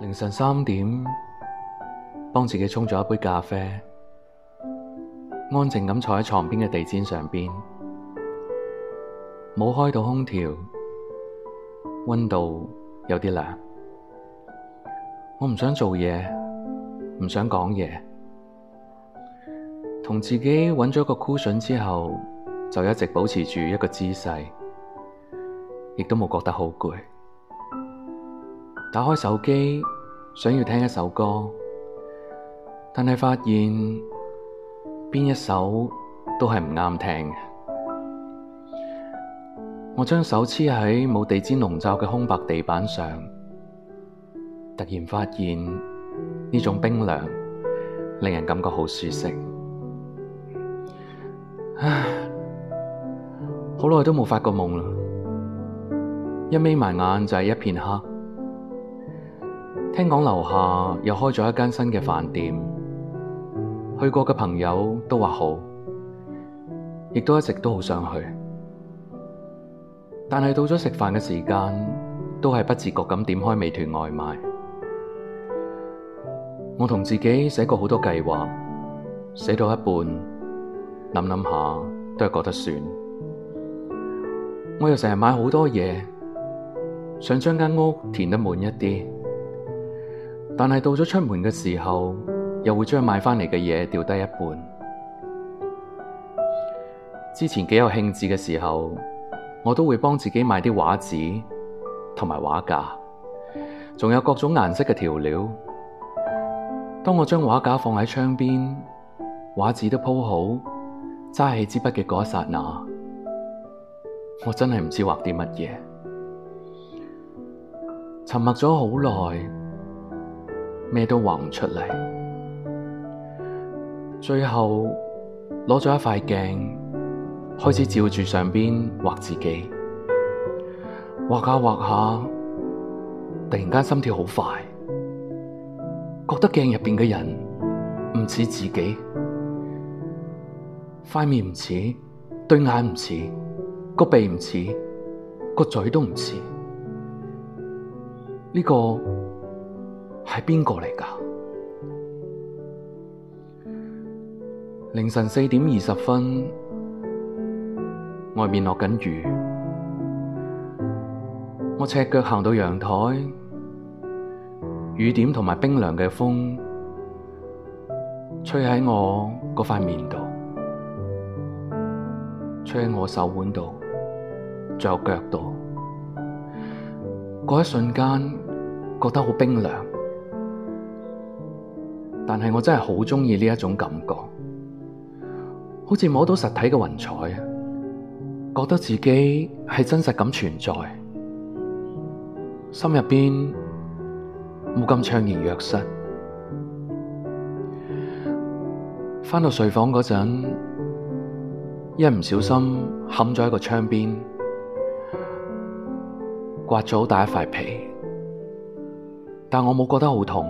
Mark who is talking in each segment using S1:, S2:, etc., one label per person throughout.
S1: 凌晨三點，幫自己沖咗一杯咖啡，安靜咁坐喺床邊嘅地氈上邊，冇開到空調，溫度有啲涼，我唔想做嘢，唔想講嘢，同自己搵咗個 cushion 之後，就一直保持住一個姿勢，亦都冇覺得好攰。打開手機，想要聽一首歌，但係發現邊一首都係唔啱聽。我將手黐喺冇地氈籠罩嘅空白地板上，突然發現呢種冰涼令人感覺好舒適。唉，好耐都冇發過夢啦！一眯埋眼就係一片黑。聽講樓下又開咗一間新嘅飯店，去過嘅朋友都話好，亦都一直都好想去。但係到咗食飯嘅時間，都係不自覺咁點開美團外賣。我同自己寫過好多計劃，寫到一半，諗諗下都係覺得算。我又成日買好多嘢，想將間屋填得滿一啲。但係到咗出門嘅時候，又會將買翻嚟嘅嘢掉低一半。之前幾有興致嘅時候，我都會幫自己買啲畫紙同埋畫架，仲有各種顏色嘅調料。當我將畫架放喺窗邊，畫紙都鋪好，揸起支筆嘅嗰一剎那，我真係唔知畫啲乜嘢。沉默咗好耐。咩都畫唔出嚟，最後攞咗一塊鏡，開始照住上邊畫自己，畫下畫下，突然間心跳好快，覺得鏡入邊嘅人唔似自己，塊面唔似，對眼唔似，個鼻唔似，個嘴都唔似，呢個。係邊個嚟㗎？凌晨四點二十分，外面落緊雨，我赤腳行到陽台，雨點同埋冰涼嘅風吹，吹喺我嗰塊面度，吹喺我手腕度，仲有腳度。嗰一瞬間，覺得好冰涼。但係我真係好中意呢一種感覺，好似摸到實體嘅雲彩，覺得自己係真實咁存在，心入邊冇咁悵然若失。翻到睡房嗰陣，一唔小心冚咗喺個窗邊，刮咗好大一塊皮，但我冇覺得好痛。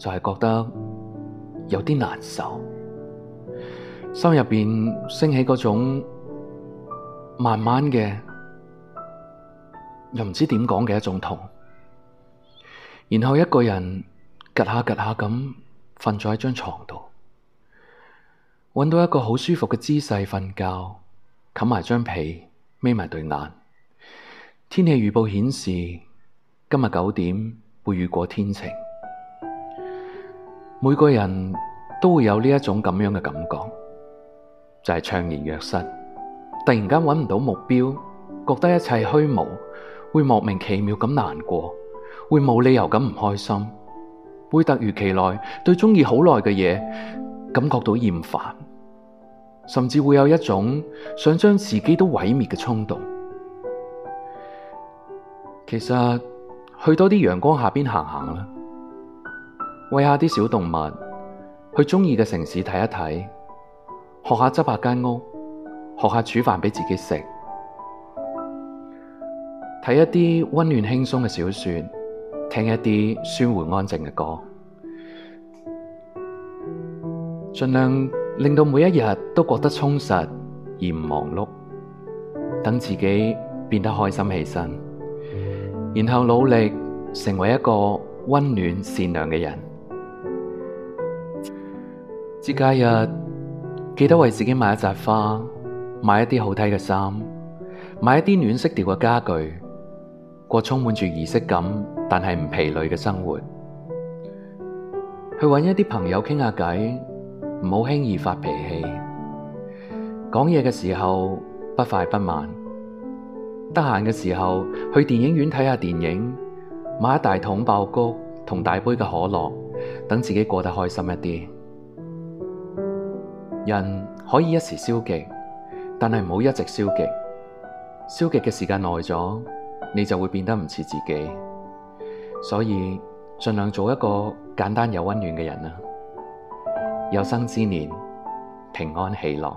S1: 就係覺得有啲難受，心入邊升起嗰種慢慢嘅，又唔知點講嘅一種痛，然後一個人 𥨊 下 𥨊 下咁瞓咗喺張床度，揾到一個好舒服嘅姿勢瞓覺，冚埋張被，眯埋對眼。天氣預報顯示今日九點會雨過天晴。每個人都會有呢一種咁樣嘅感覺，就係悵然若失，突然間揾唔到目標，覺得一切虛無，會莫名其妙咁難過，會冇理由咁唔開心，會突如其來對中意好耐嘅嘢，感覺到厭煩，甚至會有一種想將自己都毀滅嘅衝動。其實去多啲陽光下邊行行啦。餵下啲小動物，去中意嘅城市睇一睇，學下執下間屋，學下煮飯俾自己食，睇一啲溫暖輕鬆嘅小說，聽一啲舒緩安靜嘅歌，盡量令到每一日都覺得充實而唔忙碌，等自己變得開心起身，然後努力成為一個溫暖善良嘅人。節假日，記得為自己買一扎花，買一啲好睇嘅衫，買一啲暖色調嘅家具，過充滿住儀式感但係唔疲累嘅生活。去搵一啲朋友傾下偈，唔好輕易發脾氣。講嘢嘅時候不快不慢，得閒嘅時候去電影院睇下電影，買一大桶爆谷同大杯嘅可樂，等自己過得開心一啲。人可以一時消極，但係唔好一直消極。消極嘅時間耐咗，你就會變得唔似自己。所以盡量做一個簡單又溫暖嘅人啦。有生之年，平安喜樂。